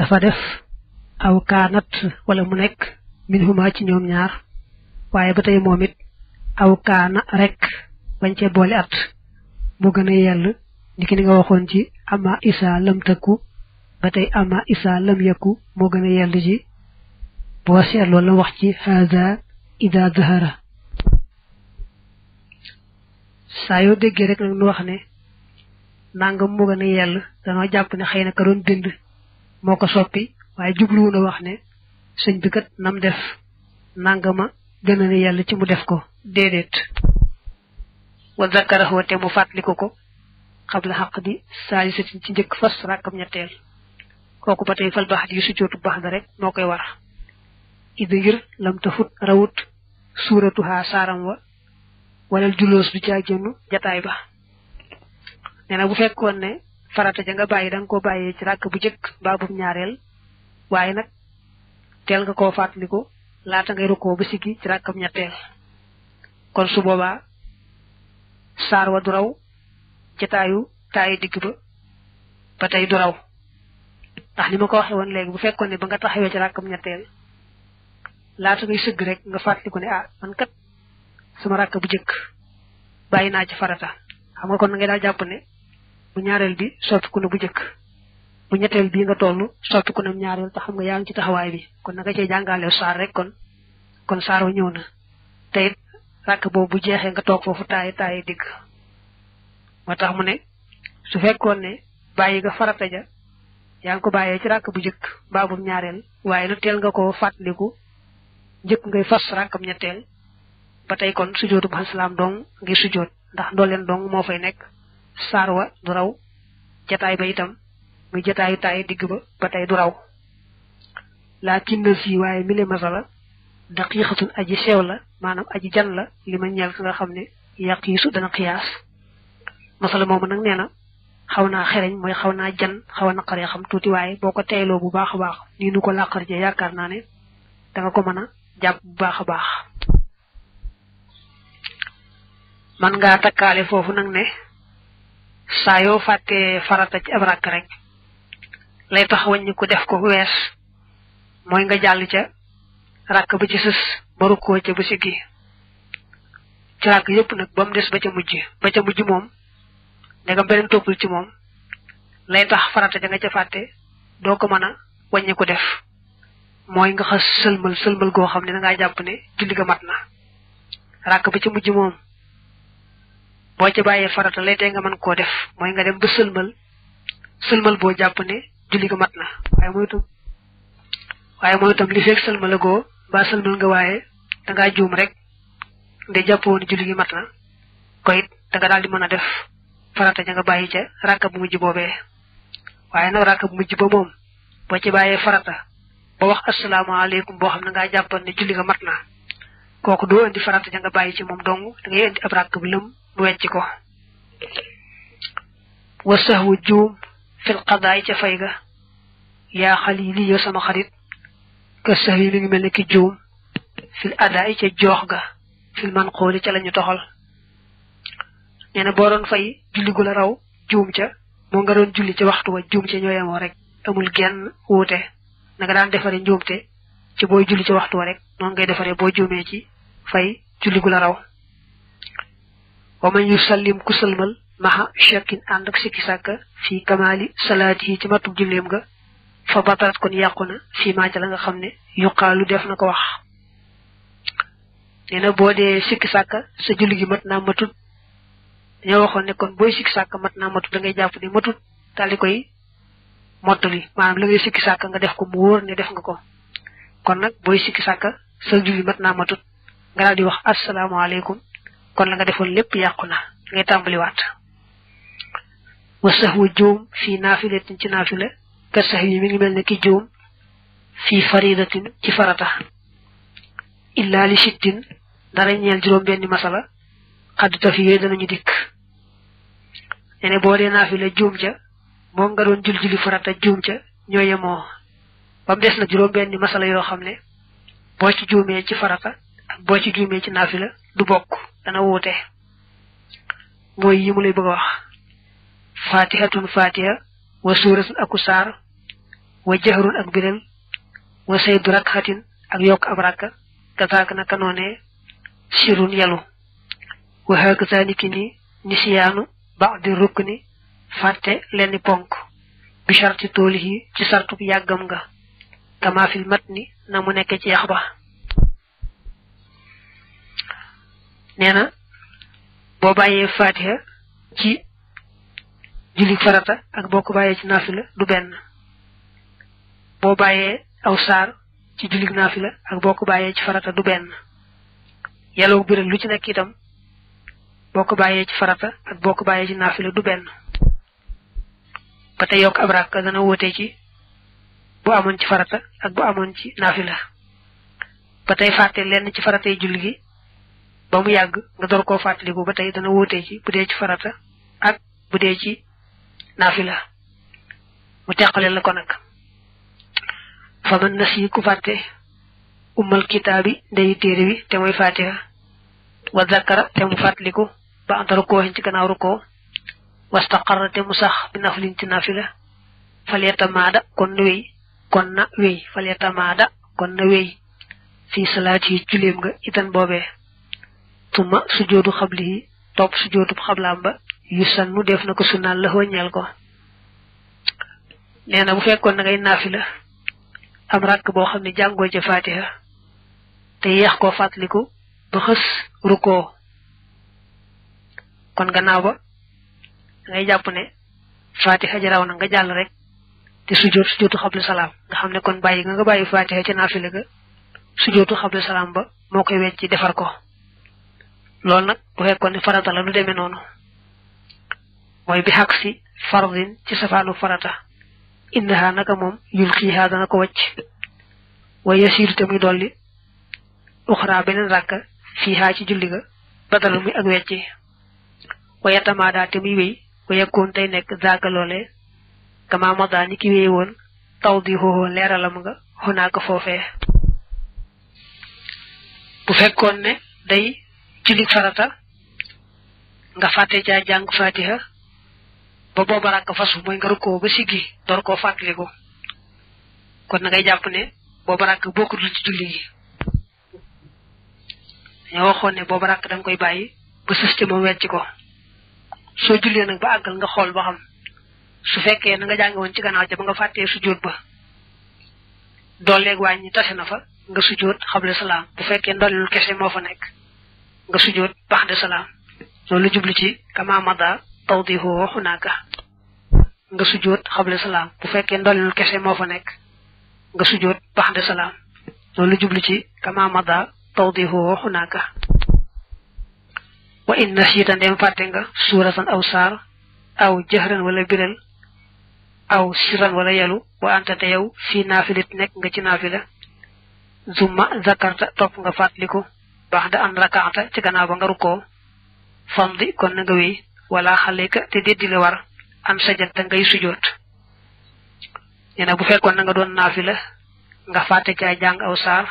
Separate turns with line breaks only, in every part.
dafa def aw kaanat wala mu nekk min huma ci ñoom ñaar waaye ba tey moom it aw kaana rek bañ cee boole at mu gën yell ni ki ni nga waxoon ci ama isa lam tëkku ba tey ama isa lam yëkku moo gën a yell ji boo seetloo la wax ci haza ida zahara saa yoo déggee rek nag nu wax ne nangam moo gën a yell danoo jàpp ne xëy na ka bind moo ko soppi waaye jubluwul a wax ne sëñ bi kat nam def nangama gën a ne yàlla ci mu def ko déedéet wa zakarahu te mu fàttaliku ko ko xabla xaq bi saalisatin ci njëkk fas rakkam ñetteel kooku ba tey fal baax yi sujjootu baax da rek moo koy war id ngir lam tafut rawut suuratuha saaram wa walal juloos du caa jataay ba nee bu fekkoon ne farata ja nga bàyyi da nga ko bàyyee ci ràkk bu jëkk mbaa bu ñaareel waaye nag tel nga ko fàttaliku laata ngay rukkoo bu siggi ci ràkkam ñetteel kon su boobaa saar du raw ci taayu taayu digg ba ba tey du raw ndax ni ma ko waxee woon léegi bu fekkoon ne ba nga taxawee ci ràkkam ñetteel laata ngay sëgg rek nga fàttaliku ne ah man kat sama ràkk bu jëkk bàyyi naa ci farata xam nga kon na ngay daal ne bu ñaareel bi soppiku na bu njëkk bu ñetteel bii nga toll soppiku na ñaareel te xam nga yaa ngi ci taxawaay bi kon na nga cee jàngaale saar rek kon kon saar wa ñëw na te it ràkk bu jeexee nga toog foofu taayi taayi digg moo tax mu ne su fekkoon ne bàyyi nga farata ja yaa ngi ko bàyyee ci ràkk bu njëkk baabum ñaareel waaye nag teel nga koo fàttaliku njëkk ngay fas ràkkam ñetteel ba tey kon sujootu ba salaam dong ngir sujoot ndax ndooleen dong moo fay nekk saar wa du raw jataay ba itam muy jataayu taayu digg ba ba tey du raw laakin na fii waaye mile masala daqiqatun aji seew la maanaam aji jan la li ma ñeel ka nga xam ne yaqiisu dana xiyaas masala moomu nag nee na xaw naa xereñ mooy xaw naa jan xaw na naqaree xam tuuti waaye boo ko teyloo bu baax a baax nii ko làqar je yaakaar naa ne danga ko mën a jàpp bu baax a baax man nga takkaale foofu nag ne saa yoo fàttee farata ci ab rakk rek lay tax wàññi ko def ko wees mooy nga jàll ca rakk ba ci sës ba rukkoo ca ba siggi ci rakk yépp nag ba mu des ba ca mujj ba ca mujj moom ndegam beneen toppul ci moom lay tax farata ja nga ca fàtte doo ko mën a wàññi def mooy nga xas sëlmal sëlmal goo xam ne da ngaa jàpp ne julli ga mat na rakk ba ci mujj moom boo ca bàyyee farata lay tee nga mën koo def mooy nga dem ba sëlmal sëlmal boo jàpp ne julli ko mat na waaye mooy itam li fekk sëlmal agoo ba sëlmal nga waaye da ngaa juum rek nde jàppoon julli gi mat na ko daal di mën a def farata ja bàyyi ca ràkka bu mujj boobee nag ràkka bu mujj ba ci bàyyee farata ba wax asalaamaaleykum boo xam ne ngaa jàppoon ne julli nga mat na kooku doo indi farata ja nga bàyyi ci moom dong da ngay indi ab ràkk bu lëm wecc ko wa sahwu juum fil qadaay ca fay ga yaa xalili yow sama xarit ka sahwi mi ngi mel ne ki juum fil adaay ca joox ga fil man xooli ca lañu toxal nee na boo doon fay julli gu la raw juum ca moo nga doon julli ca waxtu wa juum ca ñoo yemoo rek amul genn wuute na nga daan defare njuumte ci booy julli ca waxtu wa rek noonu ngay defare boo juumee ci fay julli gu la raw wa man yusallim ku sëlmal maha shakkin ànd ak sikki sàkka fii kamaali salaat yi ci matub julleem nga fa batarat kon yàqu na fii maa la nga xam ne yuqaalu def na ko wax nee na boo dee sikki sàkka sa julli gi mat na matut dañoo waxoon ne kon booy sikki mat naa matut da ngay jàpp ne matut daal di koy mottali maanaam la ngay sikki sàkka nga def ko mu wóor ne def nga ko kon nag booy sikki sàkka sa julli mat naa matut nga daal di wax asalaamaaleykum kon la nga defoon lépp yàqu na ngay tàmbaliwaat wa sax wu juum fii naafilatin ci naafila ka sax yi mi ngi mel ne ki juum fii faridatin ci farata illaa li sittin dara ñeel juróom benni masala xaddita fi yooyu danañu dikk ne boo dee naafila juum ca moom nga doon jul-juli farata juum ca ñoo yemoo ba des na juróom benni masala yoo xam ne boo ci juumee ci farata boo ci juumee ci naafila du bokk dana wuute mooy yi mu lay bëgg a wax fatihatun fatiha wa suuratun aku saar wa jahrun ak biral wa saydu rakkatin ak yokk ab rakka kazaaka naka noonee sirun yalu wa hakaza niki ni nisiyaanu ba'di rukni fàtte lenn ponk bi sharti toolihi ci sartub yàggam nga kama mat ni na mu nekkee ci yax ba nee na boo bàyyee fatiha ci jullik farata ak boo ko bàyyee ci naafila du benn boo bàyyee aw saar ci jullik naafila ak bokk ko bàyyee ci farata du benn yàlla biral lu ci nekk itam boo ko bàyyee ci farata ak boo bàyyee ci naafila du benn ba tey yokk ab rakk dana wóote ci bu amoon ci farata ak bu amoon ci naafila ba tey fàtte lenn ci farata yi julli ba mu yàgg nga door koo fàttaliku ba tey dana wóotee ci bu dee ci farata ak bu dee ci naafila mu teqale la ko nag fa man na si ku fàtte kitaabi ndeyu téere bi te mooy fatiha wa zakara te mu fàttaliku ba antara koo ci gannaaw rukoo wastaqarra te mu sax bi naflin ci naafila falyatamaada kon na wéy kon na wéy falyatamaada kon na wéy fii salaat yi julleem nga itan boobee suma sujoodu xablihi topp sujoodu xablaam ba yu mu def na ko sunnaal la wëññeel ko nee na bu fekkoon na ngay naafila am rakk boo xam ne jàngoo ca faatiha te yeex koo fàttaliku ba xës rukkoo kon gannaaw ba dangay jàpp ne faatiha jaraaw na nga jàll rek te sujoot sujootu xabli salaam nga xam ne kon bàyyi nga nga bàyyi faatiha ca naafila ga sujootu xabli salaam ba moo koy wecc defar ko loolu nag bu fekkoon ne farata la du demee noonu mooy bi xaq si fardin ci safaanu farata innaha naka moom yul xiixaa dana ko wàcc waaye yasiiru te muy dolli uxraa beneen ràkka fiihaa ci julli ga badal muy ak wecci waaye tamaadaa te muy wéy nekk zaaka loolee woon taw di xooxoo leeralam nga xonaaka foofee bu fekkoon ne day julli farata nga fàtte caa jàng fatiha ba booba ràkk fasu mooy nga rukkoo ba siggi door koo fàttaliku kon na ngay jàpp ne booba ràkk bokkutul ci julli yi dañoo waxoon ne booba ràkk da nga koy bàyyi ba sës ci moom wecc ko soo jullee nag ba àggal nga xool ba xam su fekkee na nga jàng woon ci gannaaw ca ba nga fàttee sujjóot ba dooleeg ñi tase na fa nga sujjóot xable salaam bu fekkee ndolleelul kese moo fa nekk nga sujjóot ba'da salaam loolu la jublu ci kama mada tawdihu hunaaka nga sujjóot xabla salaam bu fekkee ndolleelu kese moo fa nekk nga sujjóot ba'da salaam loolu la jublu ci kama mada tawdihu hunaaka wa in nasiita ndem fàtte nga suuratan aw saar aw jahran wala biral aw siran wala yalu wa anta te yow fii naafilit nekk nga ci naafila zumma zakarta topp nga fàttaliku baax da an rakaata ci gannaaw ba nga rukkoo famdi kon na nga wéy wala xaleka te déddi la war an sajata ngay sujoot nee na bu fekkoon na nga doon naafila nga fàtte caa jàng aw saar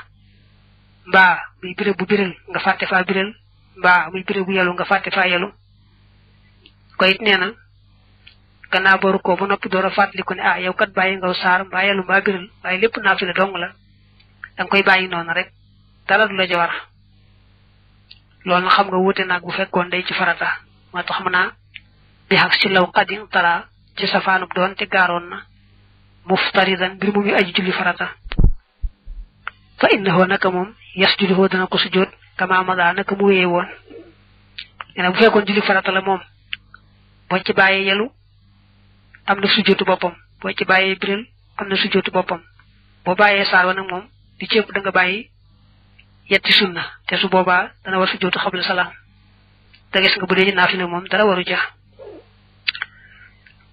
mbaa muy biré bu biral nga fàtte fa biral mbaa muy biré bu yelu nga fàtte faa yelu ko nee na gannaaw ba rukkoo ba noppi door a fàttaliku ne a ah, yow kat bàyyi ngaw saar mbaa yelu mbaa biral waaye lépp naafila dong la danga koy bàyyi noonu rek dara du la jawar loolu na xam nga wuute naag bu fekkoon day ci farata moo tax mu naa bi xaq si law xadin tara ci safaanub doon te gaaroon na muftaridan mbir mu ngi aji julli farata fa innahu naka moom yas julli dana ko sujjóot kama mada naka mu wéye woon nee bu fekkoon julli farata la moom boo ci bàyyee yelu am na sujjóotu boppam boo ci bàyyee biril am na sujjóotu boppam boo bàyyee saar wa nag moom di ceeb da nga bàyyi yetti sunna te su boobaa dana war sujjóotu xabla salaam da gis nga bu ci naafila moom dara waru ja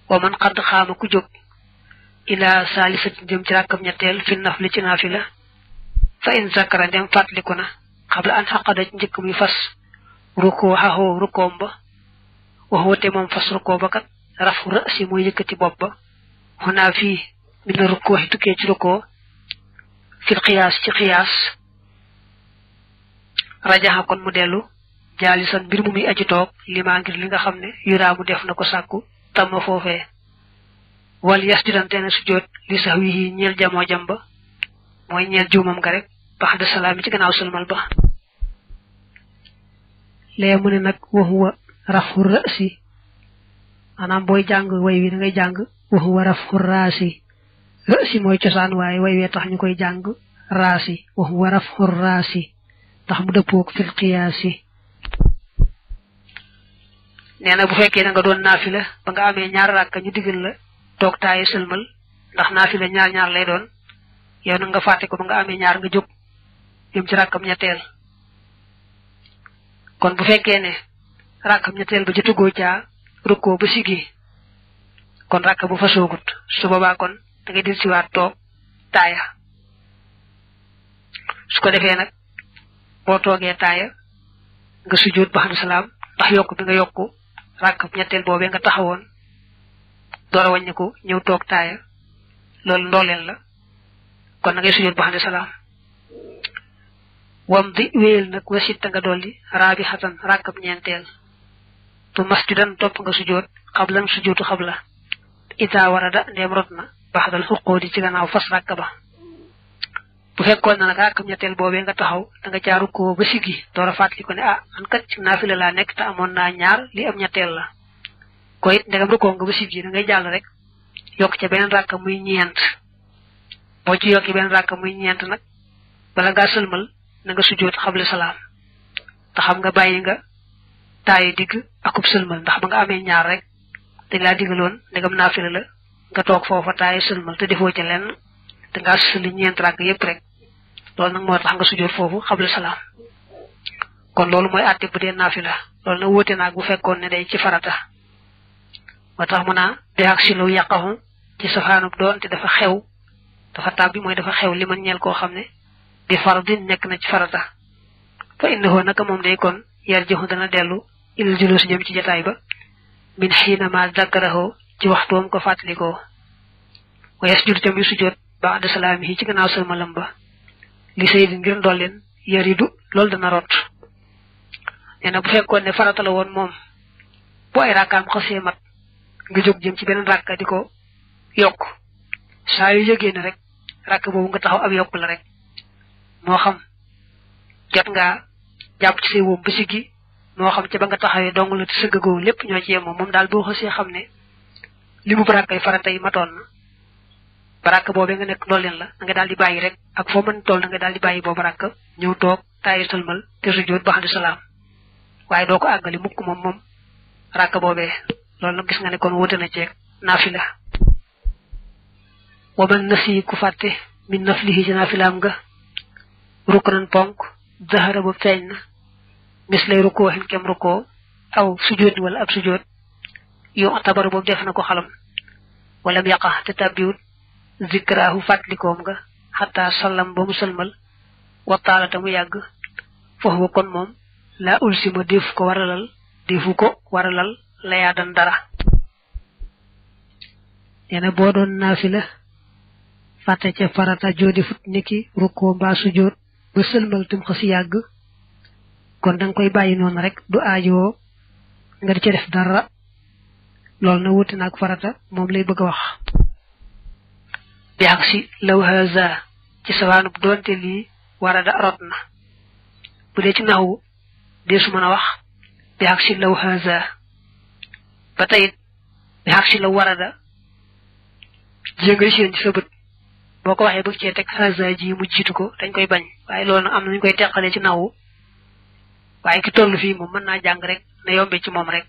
wa man xadd xaama ku jóg ilaa saalisati jëm ci ràkkam ñetteel fi nafli ci naafila fa in zakara dem fàttaliku na xabla an xaqada ci njëkk muy fas rukkoo xaxoo rukkoom ba waxoote moom fas rukkoo ba kat rafu rasi mooy yëkkati bopp ba xunaa fii mi na rukkoo xi tukkee ci rukkoo fil xiyaas ci xiyaas rajaxa kon mu dellu jaalisan mbir mu muy aji toog limaa ngir li nga xam ne yuraamu def na ko sàkku tàmma foofee wal yas judante ne sujjóot li sax wii ñeel jamoo jam ba mooy ñeel juumam nga rek bax da salaam yi ci gannaaw sulmal ba lee mu ne nag waxuwa rafu rasi maanaam booy jàng way wi jàng waxuwa rafu raasi mooy cosaan waaye way wee tax ñu koy jàng raasi waxuwa rafu raasi ndax mu dëppook fil xiyaas yi bu fekkee na nga doon naafila ba nga amee ñaar rakka ñu digal la toog taaye sëlmal ndax naafila ñaar ñaar lay doon yow nga fàtte ko ba nga amee ñaar nga jóg jëm ci rakkam ñetteel kon bu fekkee ne rakkam ñetteel ba jotugoo caa rukkoo ba sigi kon rakka bu fa soogut su boobaa kon da ngay dellusiwaat toog taaya su ko defee nag boo toogee taaya nga sujjóot ba xam salaam ndax yokk bi nga yokk ràkk ñetteel boobee nga woon door a wàññiku ñëw toog taaya loolu ndooleel la kon na ngay sujjóot ba xam salaam wam di wéyal nag wasitta nga dolli raabi xatan ràkk ñeenteel bu masjudan topp nga sujjóot xablan sujjóotu xabla wara da ndeem rot na baxdal xuqóodi ci gannaaw fas ràkk ba bu fekkoon na nag rakkam ñetteel boobee nga taxaw da nga caaru ko ba siggi door a fàttali ko ne ah man naafila laa nekk te amoon naa ñaar li am ñetteel la ko it ndegam rukkoo nga ba siggi da ngay rek yokk ca beneen rakk muy ñeent boo ci yokki beneen rakk muy ñeent nag bala ngaa sëlmal na nga sujjoot xable salaam te xam nga bàyyi nga taayu digg akub sëlmal ndax ba nga amee ñaar rek dañ laa digaloon ndegam naafila la nga toog foofa taayu sëlmal te defoo ca lenn da ngaa sëli ñeent rakk rek loolu nag moo tax nga sujjóot foofu xabla salaam kon loolu mooy àtte bu dee naafila loolu nag wóote naag bu fekkoon ne day ci farata moo tax mu naa biaak si lu yàqahu ci safaanub doon te dafa xew dafa tàbbi mooy dafa xew li man ñeel koo xam ne bi fardin nekk na ci farata fa innahu naka moom day kon yarjihu dana dellu ilal julus ci jataay ba min ma dakarahu ci waxtu wam ko fàttalikoo wa yasjudu tamit sujjóot ba'da salaamihi ci gannaaw sëlmalam ba li say di ngir ndolleen yaridu loolu dana rot nee na bu fekkoon ne farata woon moom bu ay rakkaam xasee mat nga jóg jëm ci beneen rakka di ko yokk saa yu yëgee ne rek rakk boobu nga taxaw ab yokk la rek moo xam jot nga jàpp ci say wóom ba siggi moo xam ci ba nga taxawee dong la te sëggagoo lépp ñoo ci yemoo moom daal boo xasee xam ne li mu ay farata yi matoon na baraka boobee nga nekk dool la da nga daal di bàyyi rek ak foo mën toll da nga daal di bàyyi boo baraka ñëw toog taayir sëlmal te sujjóot ba xamdu salaam waaye doo ko àggali mukk moom moom ràkk boobee loolu nag gis nga ne kon na ceeg naafila waman nasi ku fàtte min naflihi ci naafilaam nga rukkanan ponk zahara ba feeñ na mis lay rukkoo xin kem aw sujjóot wala ab sujjóot yow atabar boobu def na ko xalam wala yaqa te tàbbiwut zikraahu fàttalikoom nga xataa sallam ba mu sëlmal wataalata mu yàgg foofu kon moom laa ulsima déefu ko waralal déefu ko waralal layaadan dara nee na boo doon la fàtte ca farata joodi fut niki rukkoo mbaa sujjóot ba sëlmal tum xasi yàgg kon danga koy bàyyi noonu rek du aajowoo nga di ca def dara loolu na wuti naag farata moom lay bëgg a wax bi ak si law haza ci sawaanub doonte lii warada rot na bu dee ci naxu dee su mën wax bi ak si law haza ba tey bi ak si law warada jéngay seen ci sa bët boo ko waxee bëgg cee teg haza ji mu jiitu ko dañ koy bañ waaye loolu nag am na ñu koy teqalee ci naxu waaye ki toll fii moom mën naa jàng rek na yombe ci moom rek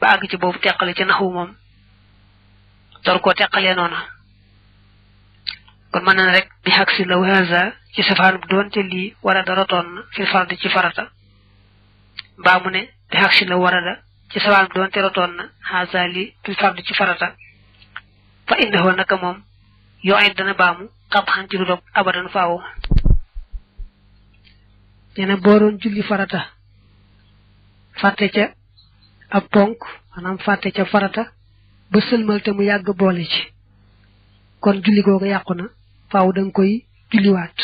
ba àgg ci boobu teqale ci naxu moom tor koo teqalee noona kon mën na rek bi xaq si law haza ci safaanub doonte lii wara da na fil fardi ci farata mbaa mu ne bi xaq si law wara da ci safaanub doonte rotoon na haza lii fil fardi ci farata fa indaxoo naka moom yoo dana baamu xam xam ci lu dog abadan faawu nee na boo julli farata fàtte ca ab ponk maanaam fàtte ca farata ba sëlmal te mu yàgg boole ci kon julli googu yàqu na faaw da nga koy julliwaat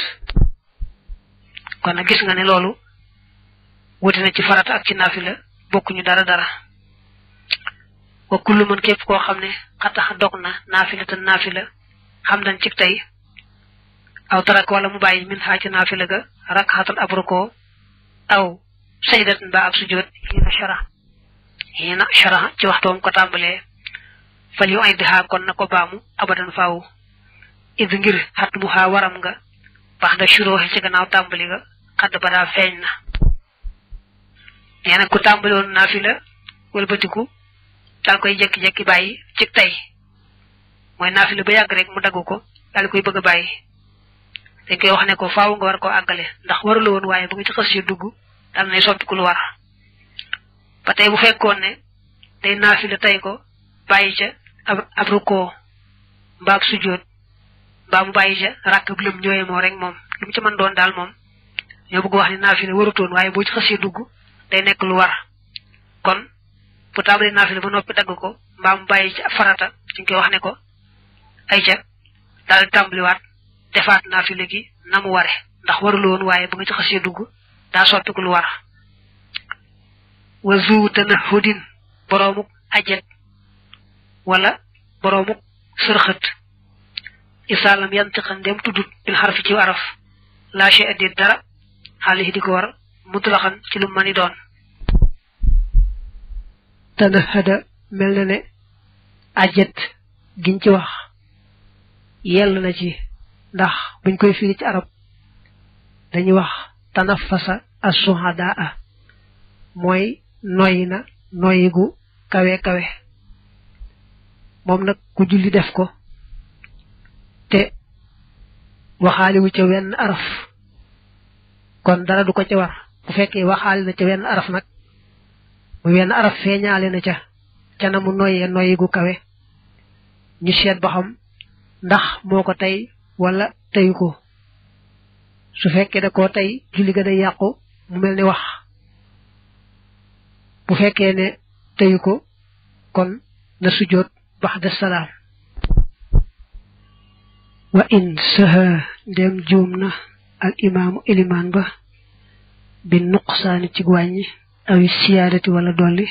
kon nag gis nga ne loolu wuti na ci farata ak ci naafila bokkuñu dara dara wa kullu man képp koo xam ne xatax dog na naafila te naafila xam dañ ci tey aw tarak wala mu bàyyi min xaa ci naafila ga rakxatan abroko aw saydat mbaa ak sujjóot xiina shara xiina shara ci waxtoom ko tàmbalee fal yu ay dihaa kon na ko baamu abadan faaw id ngir xat bu xaa waram nga baax da surooxe ci gannaaw tàmbali nga xadd ba daa feeñ na nee na ku tàmbali woon naafila wëlbatiku daal koy jekki-jekki bàyyi ci tey mooy naafila ba yàgg rek mu dagg ko daal koy bëgg a bàyyi koy wax ne ko faaw nga war ko àggale ndax warula woon waaye bu nga ci xës si dugg daal nay soppiku lu war ba tey bu fekkoon ne day naafila tey ko bàyyi ca ab ab rukkoo mbaag baa mu bàyyi ca rakk bi lëm ñëwee rek moom lu mu ci mën doon daal moom ñoo bëgg wax ne naafile warutoon waaye bu ci xasee dugg day nekk lu war kon bu tàmbalee naafile ba noppi dagg ko mbaa mu bàyyi ci farata suñ koy wax ne ko ay ca daal di tàmbaliwaat defaat naafile gi na ware ndax warul woon waaye ba nga ci xasee dugg daa soppiku lu war wa zu tanahudin boroomuk ajet wala boroomuk sërxët isaalam yantiqan dem tuddut bil xarfi ci araf laa shay addi dara xaalis di ko war mutlaxan ci lu mani doon tanahada mel na ne ajet giñ ci wax yell na ci ndax buñ koy firi ci arab dañuy wax tanafasa assuhadaa mooy noyyi na noyyi gu kawe kawe moom nag ku julli def ko waxaale wu ca wenn araf kon dara du ko ca war bu fekkee waxaale na ca wenn araf nag mu wenn araf feeñaale na ca ca na mu noyyee noyyi gu kawe ñu seet ba xam ndax moo ko tey wala teyu ko su fekkee da ko tey julli ga day yàqu mu mel ni wax bu fekkee ne teyu ko kon na sujjoot bax de salaam wa in saha dem juum na imaamu ilimaan ba bi nuqsaani ci wàññi awi siyaadati wala dolli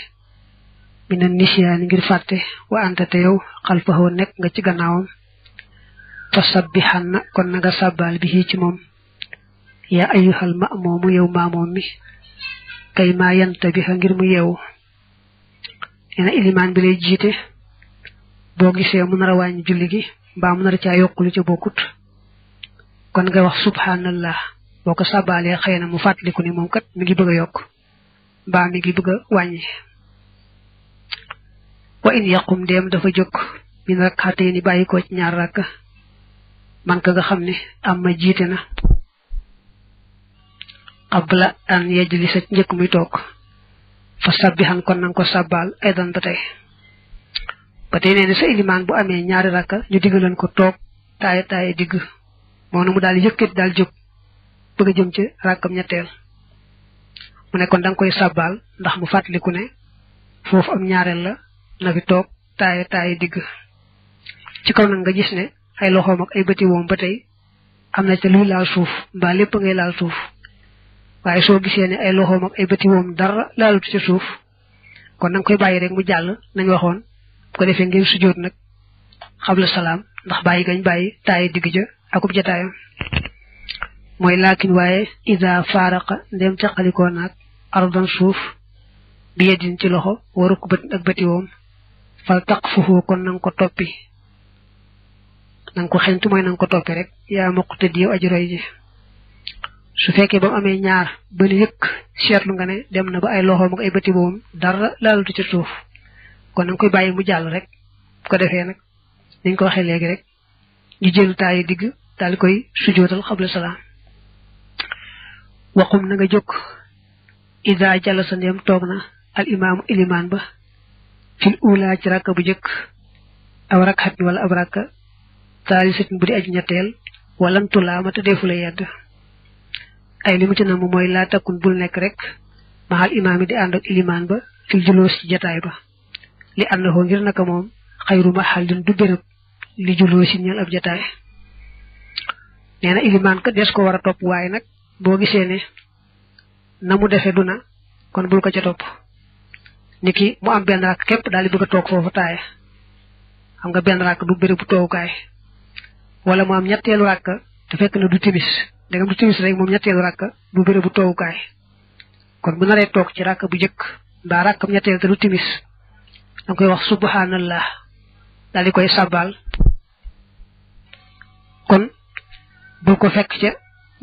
mina nisiyaani ngir fàtte wa anta te yow xalfahoo nekk nga ci gannaawam fa sabbihan na kon na nga bi ci moom yaa ayyuhal ma'muumu yow maamoom mi kay maa yanta bi ngir mu yew nee ilimaan bi lay jiite boo gisee mu nar a mbaa mu nar caa ca lu ca bokkut kon nga wax subhanallah boo ko sàbbaalee xëy na mu fàttaliku ni moom kat mi ngi bëgg a yokk mbaa mi ngi bëgg a wàññi wa in yaqum ndéem dafa jóg min rakkaatee ni bàyyi ci ñaar rakk man ka nga xam ni am ma jiite na qabla an yajlisa njëkk muy toog fa sabbihan kon nanga ko sàbbaal aydan ba tey ba tey nee na sa ilimaan bu amee ñaari ràkk ñu diggaleen ko toog taaya taaya digg moo na mu daal yëkkat daal jóg bëgg a jëm ci rakkam ñetteel mu ne kon da koy sàbbaal ndax mu fàttaliku ne foofu am ñaareel la na fi toog taaya taaya digg ci kaw nag nga gis ne ay loxoom ak ay bëti woom ba tey am na ca luy laal suuf mbaa lépp ngay laal suuf waaye soo gisee ne ay loxoom ak ay bëti woom dara laalut ci suuf kon na koy bàyyi rek mu jàll nañ waxoon bu ko defee ngeen sujjóot nag xabla salaam ndax bàyyi gañ bàyyi taaye digg ja akub jataayam mooy laakin waaye ida faaraqa ndem caqalikoo naag ardan suuf bi yeddin ci loxo waruk bët ak bëtiwoom fal taq fufu kon nanga ko toppi nanga ko xentu mooy nanga ko toppi rek yaa mokk te diw aji roy ji su fekkee ba amee ñaar ba nu yëkk seetlu nga ne dem na ba ay loxoom ak ay bëtiwoom dara laalutu ci suuf kon danga koy bàyyi mu jàll rek ko defee nag dañ ko waxee léegi rek ñu jël taayu digg daal di koy sujootal xabla salaam waxum na nga jóg ida jàll sa ndéem toog na al ilimaan ba fil uulaa ci ràkka bu jëkk aw rakkat wala ab ràkka taalisatin bu di aj ñetteel walantu laamata deefu la yedd ay li mu ci namm mooy laa takkun bul nekk rek maxal imaam yi di ànd ak ilimaan ba fil julóos ci jataay ba li annahu ngir naka moom xayru mahallin du béréb li julloo si ñel ab jataay nee na ilimaan ka des ko war a topp waaye nag boo gisee ne na mu defee duna kon bul ko ca topp niki mu am benn rakk képp daal di bëgg a toog foofu taaye xam nga benn rakk du béréb bu toogukaay wala mu am ñetteelu rakk te fekk na du timis ndegam du timis rek moom ñetteelu rakk du béréb bu toogukaay kon bu naree toog ci rakk bu jëkk mbaa rakkam ñetteel te du timis da nga koy wax subhanallah daal di koy sàbbaal kon bu ko fekk ca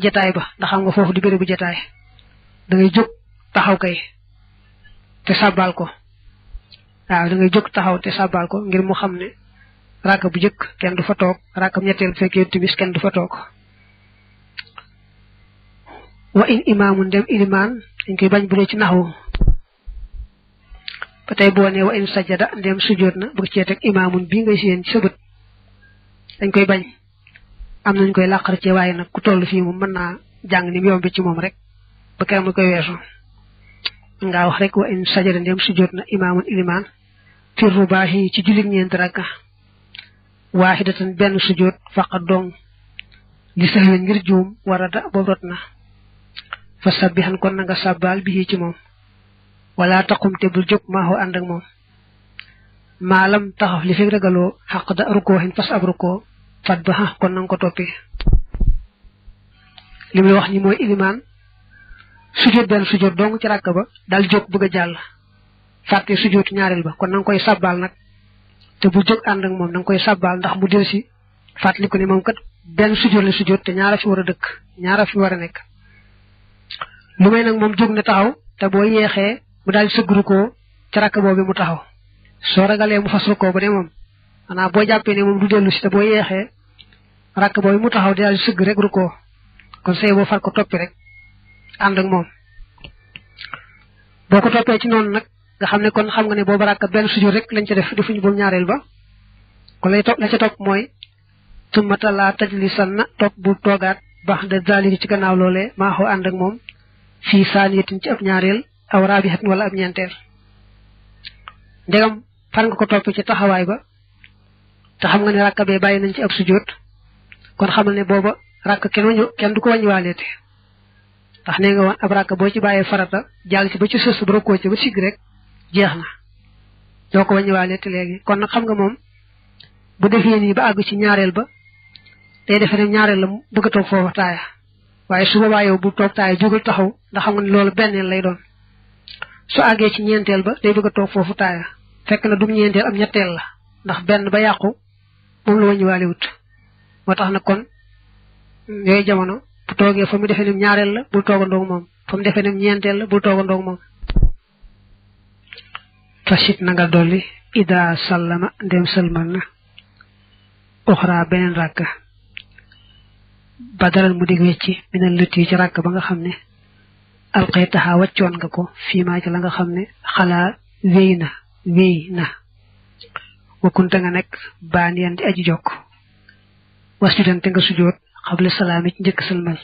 jataay ba ndax xam nga foofu di bëri bu jataay da ngay jóg taxaw kay te sàbbaal ko waaw da ngay jóg taxaw te sabal ko ngir mu xam ne raaka bu jëkk kenn du fa toog raakam ñetteel bu fekkee timis kenn du fa toog wa in imaamu ndem ilimaan dañ koy bañ bu dee ci naxwu ba tey boo nee wa in sajada ndem sujjóot na bëgg cee teg imaamun bii ngay séen ci dañ koy bañ am nañ koy làqar ci waaye nag ku toll fii moom mën naa jàng ni mu ci moom rek ba kay mu koy weesu ngaa wax rek wa in sajada ndem sujjóot na ilimaan fi rubaahi ci jullit ñeent rakka waahidatan benn sujjóot faqa dong li sax ngir juum warada boobu rot na fa sabbixan kon na nga sàbbaal bi ci moom wala taqum te bul jóg maaxoo ànd ak moom maalam taxaf li fi ragaloo xaq da rukkoo xin fas ab rukkoo fat ba xax kon nanga ko toppee li muy wax ni mooy ilimaan sujjóot benn sujjóot dong ci ràkk ba daal jóg bëgg a jàll fàtte sujjóotu ñaareel ba kon nanga koy sàbbaal nag te bul jóg ànd ak moom nanga koy sàbbaal ndax mu del si fàttali ko ne moom kat benn sujjóot la sujjóot te ñaara fi war a dëkk ñaara fi war a nekk lu may nag moom jóg na taxaw te boo yeexee mu daal di sëgg rukkoo ca rakk boobu mu taxaw soo ragalee mu fas rukkoo ba ne moom maanaam boo jàppee ne moom du dellu si te boo yeexee rakk boobu mu taxaw di daal di sëgg rek rukkoo kon say boo far ko toppi rek ànd ak moom boo ko toppee ci noonu nag nga xam ne kon xam nga ne boobu rakk benn sujur rek lañ ca def defuñu boobu ñaareel ba kon lay topp la ca topp mooy tumata sa na topp bu toogaat baax de zalika ci gannaaw loolee maa xoo moom fii saaniyatin ci ab ñaareel aw raabihatin wala ab ñeenteel ndegam far nga ko topp ci taxawaay ba te xam nga ne rakka bee bàyyi nañ ci ab sujjóot kon xamal ne booba rakk kenn wañu kenn du ko wàññiwaaleete ndax nee nga woon ab rakk boo ci bàyyee farata jàll ci ba ci sës ba rokkoo ci ba sigg rek jeex na doo ko wàññiwaaleete léegi kon nag xam nga moom bu defee nii ba àgg ci ñaareel ba day defee ne ñaareel la bëgg a toog foofa taaya waaye su boobaa yow bu toog taaya jógal taxaw ndax xam nga ne loolu benn lay doon su àggee ci ñeenteel ba day bëgg a toog foofu taaya fekk na dum ñeenteel am ñetteel la ndax benn ba yàqu moom la wàññi waale wut tax nag kon yooyu jamono bu toogee fa mu defee ni ñaareel la bul toog moom fa defee ni ñeenteel la bul toogandoog moom fasit na nga dolli ida sallama ndem salmal na uxra beneen ràkk ba daral mu dig wecci minal lëtt yi ci rakk ba nga xam ne alqaytaha waccoon nga ko fiima ci la nga xam ne xalaa wéy na wéy na wakkunte nga nekk baaniyan di aji jokk wasjudante nga sujoot xable salaami ci njëkk sëlmal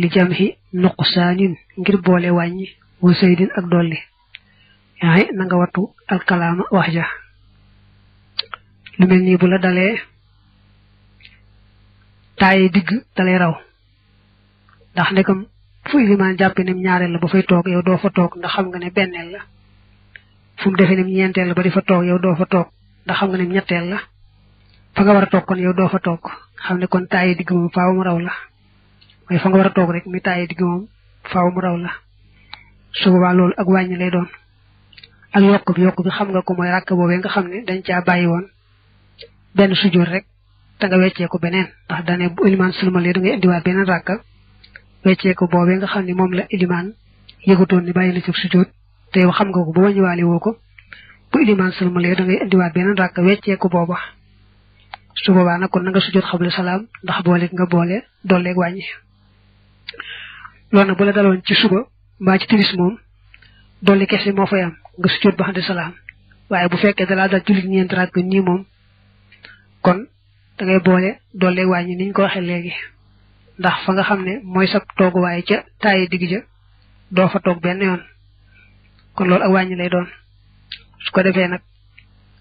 li jam xi nuqsaanin ngir boole wàññi wa seydin ak dolli yaay na nga wattu alkalaama wax ja lu mel nii bu la dalee taaye digg dalay raw ndax ndekam fu ilimaan jàppee ne ñaareel la ba fay toog yow doo fa toog ndax xam nga ne beneen la fu mu defee ne ñeenteel la ba di fa toog yow doo fa toog ndax xam nga ne ñetteel la fa a toog kon yow doo fa toog xam ne kon taayi digg moom faaw raw la waaye fa nga war a toog rek mu taayi digg moom faaw mu raw la su boobaa loolu ak wàññi lay doon ak yokk bi yokk bi xam nga ko mooy ràkk boobee nga xam ne dañ caa bàyyi woon benn sujjóot rek te nga weccee ko beneen ndax dane bu ilimaan sulmalee da ngay indiwaat beneen ràkka wecceeku boobee nga xam ni moom la ilimaan yëgutoon ni bàyyi la jóg sujjóot te yow xam nga ko bu wàññiwaale woo ko bu ilimaan salmalee da ngay indiwaat beneen ràkk wecceeku booba su boobaa nag kon na nga sujjóot xabla salaam ndax boole nga boole dolleeg wàññi. loolu nag bu ci suba mbaa ci timis moom dolli kese moo fay am nga waaye bu fekkee dalaa dal jullit ñeent ràkk nii moom kon da ngay boole dolleeg wàññi ni ñu ko waxee léegi. ndax fa nga xam ne mooy sa tooguwaay ca taayi digg ja doo fa toog benn yoon kon loolu ak wàññi lay doon su ko defee nag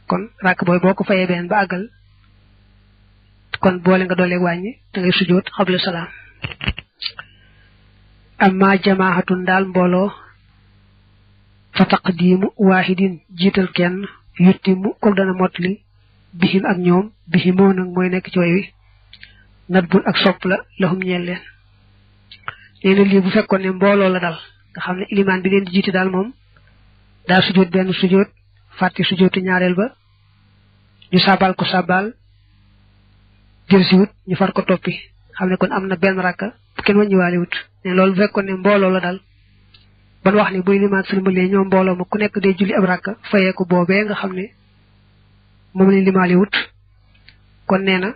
kon ràkk booy boo ko fayee benn ba àggal kon boole nga dooleeg wàññi da ngay sujjóot xabla salaam amma jamaahatun daal mbooloo fa taqdiimu waahidin jiital kenn yuttimu kook dana mottali bihim ak ñoom bihimoo nag mooy nekk ci way wi nat bul ak sopp la laxum ñeel leen nee na lii bu fekkoon ne mbooloo la dal nga xam ne ilimaan bi leen di jiite daal moom daa sujoot benn sujoot fàtte sujootu ñaareel ba ñu saabal ko saabal jël si ñu far ko toppi xam ne kon am na benn rakka bu kenn wàññiwaale wut ne loolu bu fekkoon ne mbooloo la dal ban wax ne bu ilimaan sëlmalee ñoom mbooloo ma ku nekk day julli ab rakka fayee ko boobee nga xam ne moom lañ limaale wut kon nee na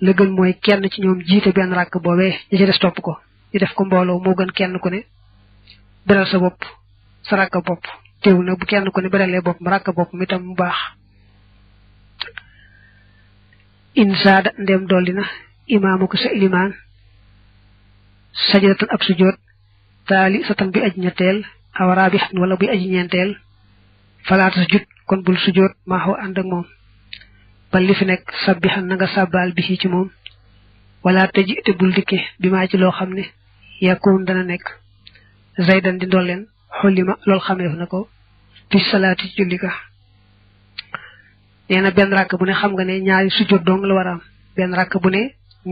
la gën mooy kenn ci ñoom jiite benn ràkk boobee ñi ci des topp ko ñu def ko mbooloo moo gën kenn ku ne beral sa bopp sa ràkk bopp teew na bu kenn ko ne beralee bopp mu ràkk bopp mi tam mu baax insaada ndem dolli na imaamu ko sa ilimaan sajadatan ab sujjóot taali sa tan bi aj ñetteel aw raabi wala buy aj ñeenteel falaata sa kon bul sujjóot maa ànd ak moom ba li fi nekk xam na nga sàbbaal bi ci ci moom wala tëji te bul dikke bi ci loo xam ne yakun dana nekk zaydan di ndolleen xolima loolu xameef na ko fi salaati ci julli ga nee benn rakk bu ne xam nga ne ñaari sujjóot dong la war a am benn rakk bu ne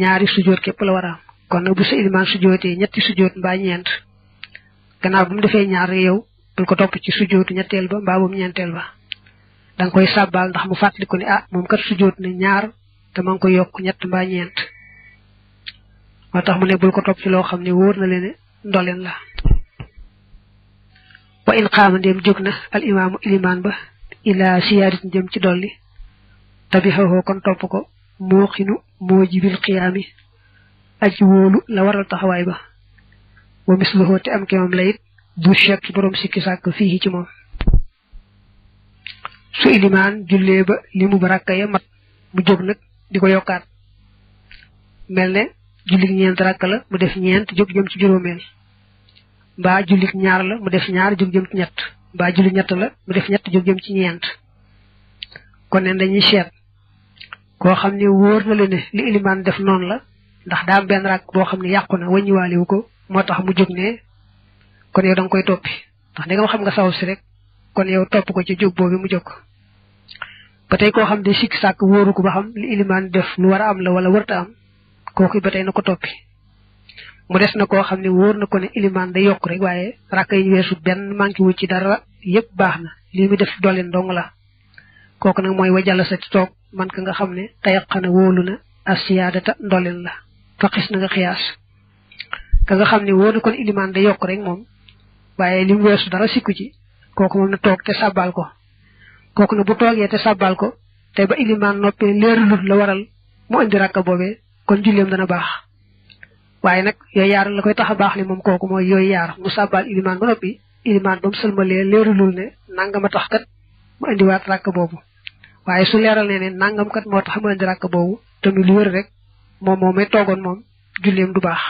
ñaari sujjóot képp la war kon nag bu sa ilimaan sujjóotee ñetti sujjóot mbaa ñeent gannaaw bu mu defee ñaar yow bul ko topp ci sujjóotu ñetteel ba mbaa bu mu ñeenteel ba da koy sàbbaal ndax mu fàttaliku ne ah moom kat sujjóot ne ñaar te ma ngi koy yokk ñett mbaa ñeent moo tax mu ne bul ko topp ci loo xam ne wóor na leen ndoleen la wa in xaama ndéem jóg na al imaamu ilimaan ba ilaa siyaarit jëm ci dolli tabixawoo kon topp ko moo xinu moo jibil xiyaami aji wóolu la waral taxawaay ba wa misluhoo te am kemam layit du shakk boroom sikki sàkk fii ci moom su ilimaan jullee ba li mu rakka ya mat mu jóg nag di ko yokkaat mel ne jullit ñeent rakk la mu def ñeent jóg jëm ci juróomeel mbaa jullit ñaar la mu def ñaar jóg jëm ci la mu def ñett jóg jëm ci ñeent kon neen dañuy seet koo xam ne wóor na la li ilimaan def noonu la ndax daa benn rakk boo xam ne yàqu na wàññiwaale wu ko moo tax mu jóg ne kon yow da koy toppi ndax ndegam xam nga saw si rek kon yow topp ko ci jóg boobu mu jóg ba tey koo xam ne sikk sàkk wóoru ko ba xam li ilimaan def lu war a am la wala warta am kooku ba tey na ko toppi mu des na koo xam ne wóor na ko ne ilimaan day yokk rek waaye rakk yi weesu benn manqué wu ci dara yépp baax na lii mu def dolleen dong la kooku nag mooy wajal sa ci toog man nga xam ne tayaqana wóolu na asiyaadata ndolleen la faqis na nga nga xam ne wóor na ko yokk rek moom waaye li mu weesu dara sikku ci kooku moom na toog te sàbbaal ko kooku na bu toogee te sàbbaal ko te ba ilimaan noppee leeralut la waral mu indi rakka boobee kon julleem dana baax waaye nag yooyu yaar la koy tax a baax li moom kooku mooy yooyu yaar mu sàbbaal ilimaan ba noppi ilimaan ba mu sëlmalee leeralul ne nangama tax kat mu indiwaat rakk boobu waaye su leeral ne ne nangam kat moo tax mu indi rakk boobu tamit lu wër rek moom moom may toogoon moom julleem du baax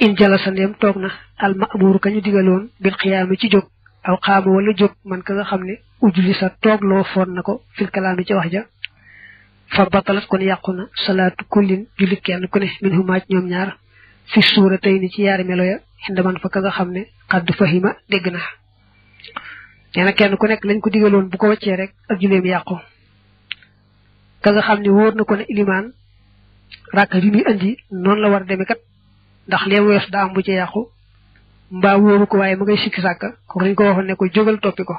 in jalasa toog na al ma'muur ka ñu digaloon bil xiyaami ci jóg aw xaama wala jóg man ka nga xam ne ujuli sa loo foon na ko fil kalaami ca wax ja fa batalat kon yàqu na salaatu kullin julli kenn ku ne min humaaj ñoom ñaar fi suura tey ci yaari melo ya indaman fa ka nga xam ne xadd fahima dégg na nee kenn ku nekk lañ ko digaloon bu ko wàccee rek ak juleem yàqu ka nga xam ne wóor na ko ne ilimaan ràkka bi muy indi noonu la war a demee kat ndax lee wees daam am bu ci yàqu mbaa wóoru ko waaye ma ngay sikki sàkka ko dañ ko waxoon ne ko jógal toppi ko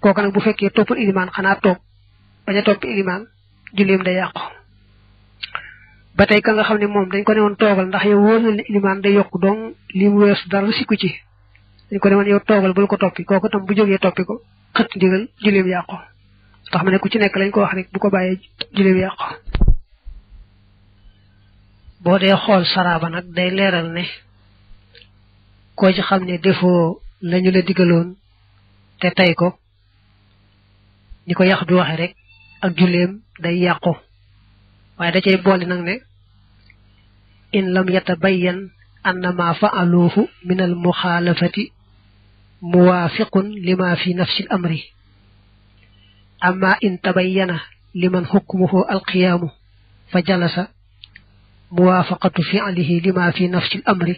kooka nag bu fekkee toppul ilimaan xanaa toog bañ a toppi ilimaan julleem day yàqu ba tey ka nga xam ne moom dañ ko ne woon toogal ndax yow wóor na ne ilimaan day yokk donc li mu wees dara sikku ci dañ ko ne woon yow toogal bul ko toppi kooka tam bu jógee toppi ko xët ndigal julleem yàqu tax ma ne ku ci nekk lañ ko wax rek bu ko bàyyee julleem yàqu boo dee xool saraaba nag day leeral ne koo ci xam ne defoo lañu la digaloon te tey ko ni ko yàq bi waxe rek ak julleem day yàqu waaye da cay boole nag ne in lam yatabayyan annama faaluuhu min al muxaalafati muwaafiqun lima fi nafsi al amri amma in tabayyana liman xukmuhu alqiyaamu fa jalasa muwaafaqatu fi'lihi lima fi nafsil amri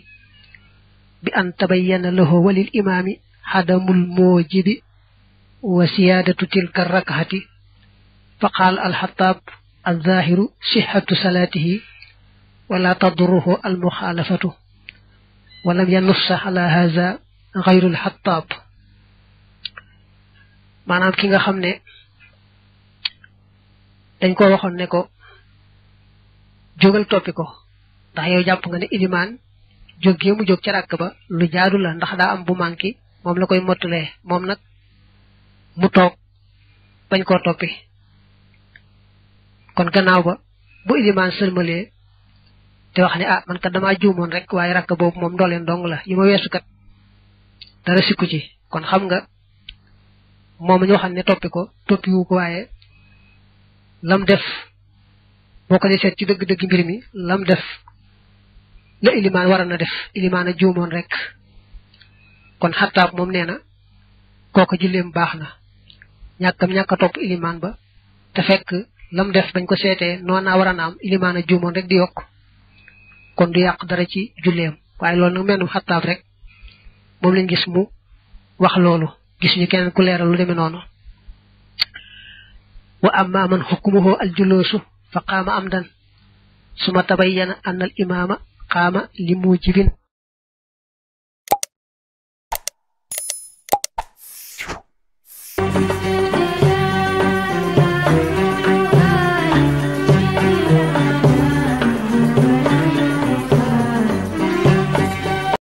bi an tabayyana lahu walil imaami xadamul moojibi wa siyaadatu tilka rakxati fa qaal alxataab alzaahiru sixatu salaatihi wala tadruhu almuxaalafatu walam yanussa ala haza xayrul xataab maanaam ki nga xam ne dañ ko waxoon ne ko jógal toppi ko ndax yow jàpp nga ne ilimaan jóg gee mu jóg ca ràkk ba lu jaadu la ndax daa am bu manqué moom la koy mottalee moom nag mu toog bañ koo toppi kon gannaaw ba bu ilimaan sëlmalee te wax ne ah man kat damaa juumoon rek waaye rakk boobu moom ndooleen dong la yi ma weesu kat dara sikku ci kon xam nga moom ñu waxal ne toppi ko toppiwu ko waaye lam def boo ko dee seet ci dëgg-dëgg mbir mi lam def la ilimaan waroon na def ilimaan a juumoon rek kon xattaab moom nee na kooku julleem baax na ñàkkam ñàkk a topp ilimaan ba te fekk lam def bañ ko seete noonu naa waroon a am ilimaan a juumoon rek di yokk kon du yàq dara ci julleem waaye loolu nag mennum xattaab rek moom lañ gis mu wax loolu gis ñu keneen ku leeral lu demee noonu wa amma man xukmuhu al julusu fa qaama amdan suma tabayyana anna al imaama qaama li mujibin